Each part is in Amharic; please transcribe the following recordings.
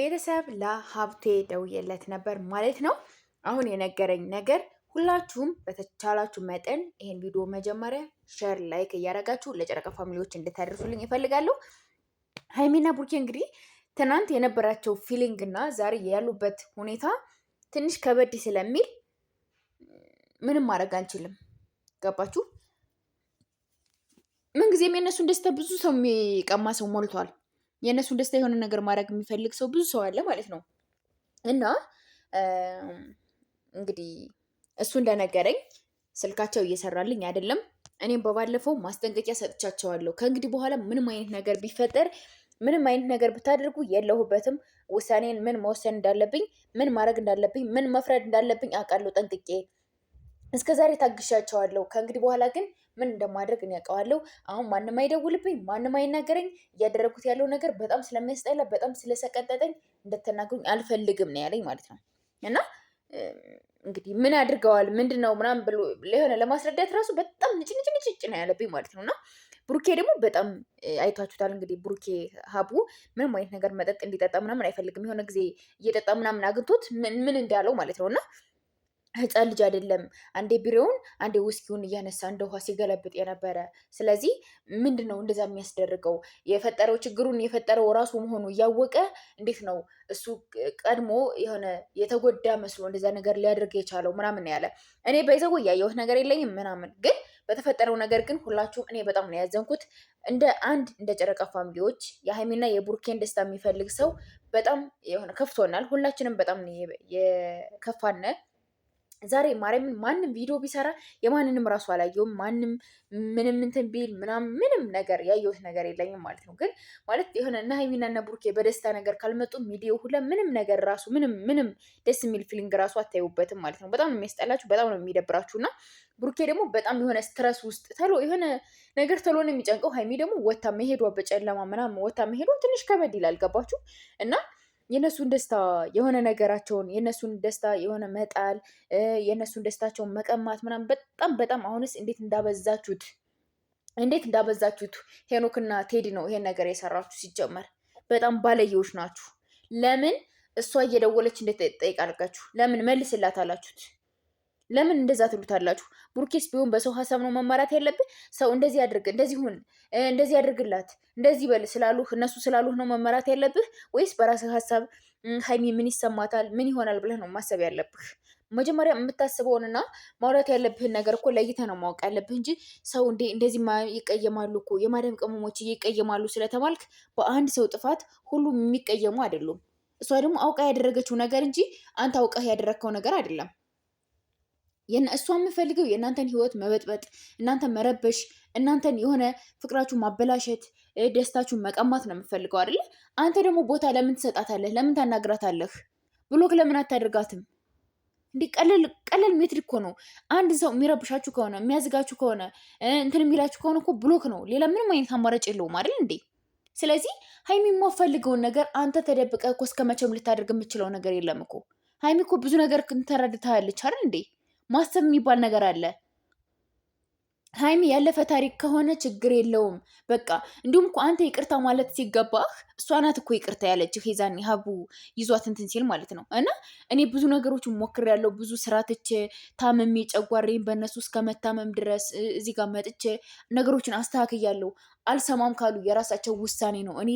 ቤተሰብ ለሀብቴ ደውዬለት ነበር ማለት ነው። አሁን የነገረኝ ነገር ሁላችሁም በተቻላችሁ መጠን ይሄን ቪዲዮ መጀመሪያ ሸር፣ ላይክ እያደረጋችሁ ለጨረቃ ፋሚሊዎች እንድታደርሱልኝ ይፈልጋለሁ። ሀይሚና ቡርኬ እንግዲህ ትናንት የነበራቸው ፊሊንግ እና ዛሬ ያሉበት ሁኔታ ትንሽ ከበድ ስለሚል ምንም ማድረግ አንችልም። ገባችሁ? ምንጊዜም የእነሱን ደስታ ብዙ ሰው የሚቀማ ሰው ሞልቷል። የእነሱን ደስታ የሆነ ነገር ማድረግ የሚፈልግ ሰው ብዙ ሰው አለ ማለት ነው። እና እንግዲህ እሱ እንደነገረኝ ስልካቸው እየሰራልኝ አይደለም። እኔም በባለፈው ማስጠንቀቂያ ሰጥቻቸዋለሁ። ከእንግዲህ በኋላ ምንም አይነት ነገር ቢፈጠር ምንም አይነት ነገር ብታደርጉ የለሁበትም። ውሳኔን ምን መወሰን እንዳለብኝ፣ ምን ማድረግ እንዳለብኝ፣ ምን መፍረድ እንዳለብኝ አውቃለሁ ጠንቅቄ። እስከዛሬ ታግሻቸዋለሁ። ከእንግዲህ በኋላ ግን ምን እንደማድረግ እኔ አውቀዋለሁ። አሁን ማንም አይደውልብኝ፣ ማንም አይናገረኝ። እያደረጉት ያለው ነገር በጣም ስለሚያስጠላ፣ በጣም ስለሰቀጠጠኝ እንደተናገሩኝ አልፈልግም ነው ያለኝ ማለት ነው። እና እንግዲህ ምን አድርገዋል ምንድን ነው ምናምን ብሎ ለሆነ ለማስረዳት ራሱ በጣም ንጭንጭንጭጭ ነው ያለብኝ ማለት ነው እና ብሩኬ ደግሞ በጣም አይቷችሁታል እንግዲህ ብሩኬ ሀቡ ምንም አይነት ነገር መጠጥ እንዲጠጣ ምናምን አይፈልግም። የሆነ ጊዜ እየጠጣ ምናምን አግኝቶት ምን እንዳለው ማለት ነው እና ህፃን ልጅ አይደለም። አንዴ ቢሬውን አንዴ ውስኪውን እያነሳ እንደ ውሃ ሲገለብጥ የነበረ። ስለዚህ ምንድን ነው እንደዛ የሚያስደርገው? የፈጠረው ችግሩን የፈጠረው ራሱ መሆኑ እያወቀ እንዴት ነው እሱ ቀድሞ የሆነ የተጎዳ መስሎ እንደዛ ነገር ሊያደርግ የቻለው ምናምን ያለ። እኔ በይዘው ያየሁት ነገር የለኝም ምናምን፣ ግን በተፈጠረው ነገር ግን ሁላችሁም እኔ በጣም ነው ያዘንኩት። እንደ አንድ እንደ ጨረቃ ፋሚሊዎች የሀይሚና የቡርኬን ደስታ የሚፈልግ ሰው በጣም የሆነ ከፍቶናል። ሁላችንም በጣም የከፋነ ዛሬ ማርያምን ማንም ቪዲዮ ቢሰራ የማንንም ራሱ አላየውም። ማንም ምንም እንትን ቢል ምናምን ምንም ነገር ያየሁት ነገር የለኝም ማለት ነው። ግን ማለት የሆነ እና ሀይሚና ቡርኬ ብሩኬ በደስታ ነገር ካልመጡ ሚዲዮ ሁለ ምንም ነገር ራሱ ምንም ምንም ደስ የሚል ፊሊንግ ራሱ አታዩበትም ማለት ነው። በጣም ነው የሚያስጠላችሁ፣ በጣም ነው የሚደብራችሁ። እና ብሩኬ ደግሞ በጣም የሆነ ስትረስ ውስጥ ተሎ የሆነ ነገር ተሎ ነው የሚጨንቀው። ሀይሚ ደግሞ ወታ መሄዷ በጨለማ ምናምን ወታ መሄዷ ትንሽ ከበድ ይላል። ገባችሁ እና የእነሱን ደስታ የሆነ ነገራቸውን የእነሱን ደስታ የሆነ መጣል የእነሱን ደስታቸውን መቀማት ምናምን በጣም በጣም አሁንስ እንዴት እንዳበዛችሁት እንዴት እንዳበዛችሁት። ሄኖክና ቴዲ ነው ይሄን ነገር የሰራችሁ። ሲጀመር በጣም ባለየዎች ናችሁ። ለምን እሷ እየደወለች እንዴት ጠይቃልጋችሁ? ለምን መልስላት አላችሁት? ለምን እንደዛ ትሉታላችሁ? ቡርኬስ ቢሆን በሰው ሀሳብ ነው መመራት ያለብህ። ሰው እንደዚህ አድርግ፣ እንደዚህ ሁን፣ እንደዚህ አድርግላት፣ እንደዚህ በል ስላሉህ እነሱ ስላሉህ ነው መመራት ያለብህ ወይስ በራስህ ሀሳብ ሀይሚ ምን ይሰማታል ምን ይሆናል ብለህ ነው ማሰብ ያለብህ? መጀመሪያ የምታስበውንና ማውራት ያለብህን ነገር እኮ ለይተህ ነው ማወቅ ያለብህ እንጂ ሰው እንዴ እንደዚህ ይቀየማሉ እኮ የማዳም ቅመሞች ይቀየማሉ ስለተባልክ በአንድ ሰው ጥፋት ሁሉም የሚቀየሙ አይደሉም። እሷ ደግሞ አውቃ ያደረገችው ነገር እንጂ አንተ አውቀህ ያደረግከው ነገር አይደለም። እሷ የምፈልገው የእናንተን ህይወት መበጥበጥ፣ እናንተ መረበሽ፣ እናንተን የሆነ ፍቅራችሁ ማበላሸት፣ ደስታችሁን መቀማት ነው የምፈልገው አይደለ? አንተ ደግሞ ቦታ ለምን ትሰጣታለህ? ለምን ታናግራታለህ? ብሎክ ለምን አታደርጋትም? እንዲህ ቀለል ቀለል ሜትሪክ እኮ ነው። አንድ ሰው የሚረብሻችሁ ከሆነ የሚያዝጋችሁ ከሆነ እንትን የሚላችሁ ከሆነ እኮ ብሎክ ነው። ሌላ ምንም አይነት አማራጭ የለውም አይደል እንዴ? ስለዚህ ሀይሚ የማፈልገውን ነገር አንተ ተደብቀ እኮ እስከ መቼም ልታደርግ የምችለው ነገር የለም እኮ ሀይሚ እኮ ብዙ ነገር ትረድታለች አይደል እንዴ? ማሰብ የሚባል ነገር አለ። ሀይሚ ያለፈ ታሪክ ከሆነ ችግር የለውም በቃ። እንዲሁም እኮ አንተ ይቅርታ ማለት ሲገባህ እሷ ናት እኮ ይቅርታ ያለችህ የዛኔ ሀቡ ይዟት እንትን ሲል ማለት ነው። እና እኔ ብዙ ነገሮች ሞክሬያለሁ። ብዙ ስራ ትቼ ታመሜ ጨጓራዬን በእነሱ እስከ መታመም ድረስ እዚህ ጋር መጥቼ ነገሮችን አስተካክያለሁ። አልሰማም ካሉ የራሳቸው ውሳኔ ነው። እኔ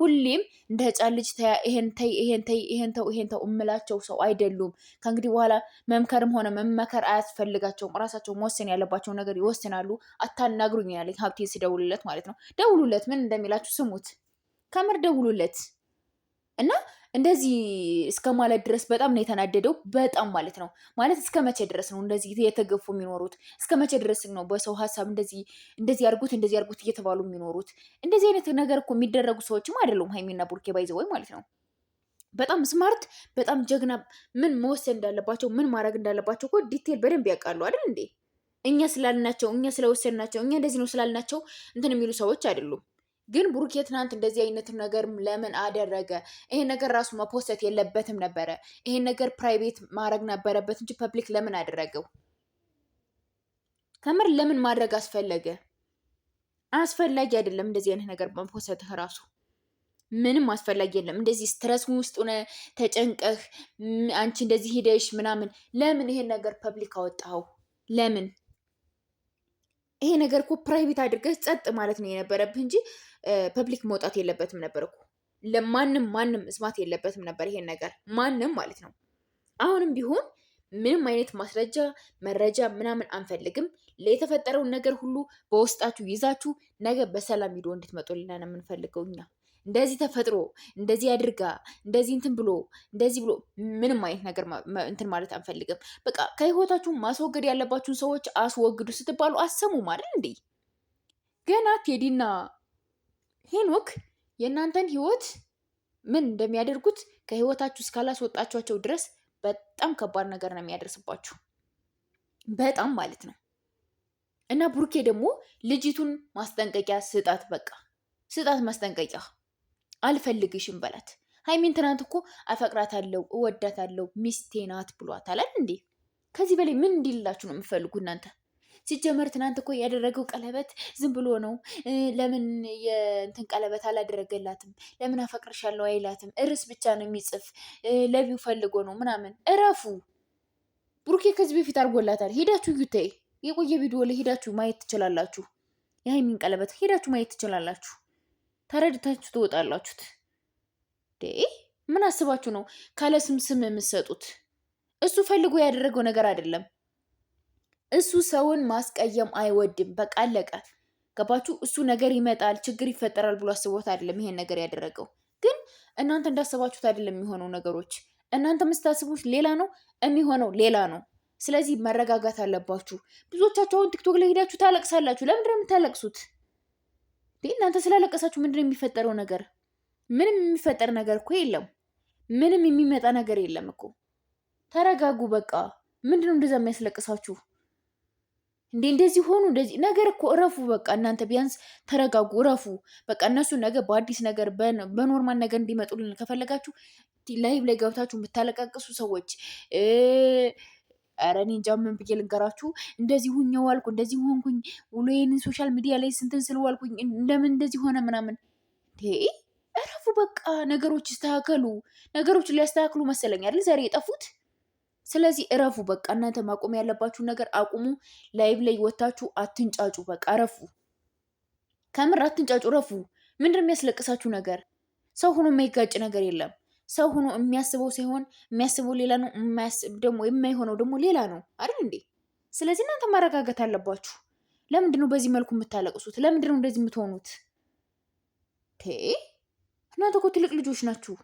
ሁሌም እንደ ህፃን ልጅ ይሄን ተይ፣ ይሄን ተይ፣ ይሄን ተው፣ ይሄን ተው እምላቸው ሰው አይደሉም። ከእንግዲህ በኋላ መምከርም ሆነ መመከር አያስፈልጋቸውም። ራሳቸው መወሰን ያለባቸው ነገር ይወስናሉ። አታናግሩኝ ያለኝ ሀብቴ ስደውልለት ማለት ነው። ደውሉለት፣ ምን እንደሚላችሁ ስሙት። ከምር ደውሉለት። እና እንደዚህ እስከ ማለት ድረስ በጣም ነው የተናደደው። በጣም ማለት ነው ማለት እስከ መቼ ድረስ ነው እንደዚህ የተገፉ የሚኖሩት? እስከ መቼ ድረስ ነው በሰው ሀሳብ እንደዚህ እንደዚህ አድርጉት እንደዚህ አድርጉት እየተባሉ የሚኖሩት? እንደዚህ አይነት ነገር እኮ የሚደረጉ ሰዎችም አይደሉም ሀይሚና ቡርኬ ወይ ማለት ነው። በጣም ስማርት በጣም ጀግና፣ ምን መወሰን እንዳለባቸው ምን ማድረግ እንዳለባቸው እኮ ዲቴል በደንብ ያውቃሉ አይደል እንዴ? እኛ ስላልናቸው እኛ ስለወሰንናቸው እኛ እንደዚህ ነው ስላልናቸው እንትን የሚሉ ሰዎች አይደሉም። ግን ብሩኬ ትናንት እንደዚህ አይነት ነገር ለምን አደረገ? ይሄን ነገር ራሱ መፖሰት የለበትም ነበረ። ይሄን ነገር ፕራይቬት ማድረግ ነበረበት እንጂ ፐብሊክ ለምን አደረገው? ከምር ለምን ማድረግ አስፈለገ? አስፈላጊ አይደለም እንደዚህ አይነት ነገር መፖሰትህ ራሱ ምንም አስፈላጊ የለም። እንደዚህ ስትረስ ውስጥ ሆነ ተጨንቀህ አንቺ እንደዚህ ሂደሽ ምናምን ለምን ይሄን ነገር ፐብሊክ አወጣው ለምን ይሄ ነገር እኮ ፕራይቬት አድርገህ ጸጥ ማለት ነው የነበረብህ እንጂ ፐብሊክ መውጣት የለበትም ነበር እኮ። ለማንም ማንም እስማት የለበትም ነበር ይሄን ነገር ማንም ማለት ነው። አሁንም ቢሆን ምንም አይነት ማስረጃ መረጃ ምናምን አንፈልግም። ለየተፈጠረውን ነገር ሁሉ በውስጣችሁ ይዛችሁ ነገ በሰላም ሂዶ እንድትመጡልን የምንፈልገው እኛ እንደዚህ ተፈጥሮ እንደዚህ አድርጋ እንደዚህ እንትን ብሎ እንደዚህ ብሎ ምንም አይነት ነገር እንትን ማለት አንፈልግም። በቃ ከህይወታችሁ ማስወገድ ያለባችሁን ሰዎች አስወግዱ ስትባሉ አሰሙም አይደል እንዴ? ገና ቴዲና ሄኖክ የእናንተን ህይወት ምን እንደሚያደርጉት ከህይወታችሁ እስካላስወጣችኋቸው ድረስ በጣም ከባድ ነገር ነው የሚያደርስባችሁ። በጣም ማለት ነው። እና ቡርኬ ደግሞ ልጅቱን ማስጠንቀቂያ ስጣት፣ በቃ ስጣት ማስጠንቀቂያ። አልፈልግሽም በላት። ሀይሚን ትናንት እኮ አፈቅራታለሁ፣ እወዳታለሁ፣ ሚስቴ ናት ብሏታል እንዴ? ከዚህ በላይ ምን እንዲልላችሁ ነው የምፈልጉ እናንተ? ሲጀመር ትናንት እኮ ያደረገው ቀለበት ዝም ብሎ ነው። ለምን የእንትን ቀለበት አላደረገላትም? ለምን አፈቅርሻለሁ አይላትም? እርስ ብቻ ነው የሚጽፍ ለቪው ፈልጎ ነው ምናምን። እረፉ። ብሩኬ ከዚህ በፊት አድርጎላታል። ሄዳችሁ እዩት። የቆየ ቪዲዮ ላይ ሄዳችሁ ማየት ትችላላችሁ። የሀይሚን ቀለበት ሄዳችሁ ማየት ትችላላችሁ። ተረድታችሁ ትወጣላችሁት። ዴ ምን አስባችሁ ነው ካለ ስም ስም የምትሰጡት? እሱ ፈልጎ ያደረገው ነገር አይደለም። እሱ ሰውን ማስቀየም አይወድም። በቃ አለቀ። ገባችሁ? እሱ ነገር ይመጣል፣ ችግር ይፈጠራል ብሎ አስቦት አይደለም ይሄን ነገር ያደረገው። ግን እናንተ እንዳሰባችሁት አይደለም የሚሆነው ነገሮች። እናንተ ምስታስቡት ሌላ ነው፣ የሚሆነው ሌላ ነው። ስለዚህ መረጋጋት አለባችሁ። ብዙዎቻችሁ አሁን ቲክቶክ ላይ ሄዳችሁ ታለቅሳላችሁ። ለምንድን ነው የምታለቅሱት? እናንተ ስላለቀሳችሁ ምንድን ነው የሚፈጠረው ነገር? ምንም የሚፈጠር ነገር እኮ የለም። ምንም የሚመጣ ነገር የለም እኮ። ተረጋጉ በቃ። ምንድን ነው እንደዛ የሚያስለቅሳችሁ እንዴ? እንደዚህ ሆኑ እንደዚህ ነገር እኮ እረፉ በቃ። እናንተ ቢያንስ ተረጋጉ፣ እረፉ በቃ። እነሱ ነገ በአዲስ ነገር በኖርማል ነገር እንዲመጡልን ከፈለጋችሁ ላይብ ላይ ገብታችሁ የምታለቃቅሱ ሰዎች ኧረ እኔ እንጃ ምን ብዬ ልንገራችሁ። እንደዚህ ሁኝ ዋልኩ፣ እንደዚህ ሆንኩኝ፣ ውሎዬን ሶሻል ሚዲያ ላይ ስንትን ስለዋልኩኝ እንደምን እንደዚህ ሆነ ምናምን። እረፉ በቃ ነገሮች ይስተካከሉ። ነገሮች ሊያስተካክሉ መሰለኝ አይደል ዛሬ የጠፉት። ስለዚህ እረፉ በቃ እናንተ ማቆም ያለባችሁ ነገር አቁሙ። ላይቭ ላይ ወታችሁ አትንጫጩ። በቃ እረፉ፣ ከምር አትንጫጩ፣ እረፉ። ምንድን የሚያስለቅሳችሁ ነገር? ሰው ሆኖ የማይጋጭ ነገር የለም። ሰው ሆኖ የሚያስበው ሳይሆን የሚያስበው ሌላ ነው፣ ደግሞ የማይሆነው ደግሞ ሌላ ነው አይደል እንዴ? ስለዚህ እናንተ ማረጋገት አለባችሁ። ለምንድን ነው በዚህ መልኩ የምታለቅሱት? ለምንድን ነው እንደዚህ የምትሆኑት? እናንተ እኮ ትልቅ ልጆች ናችሁ።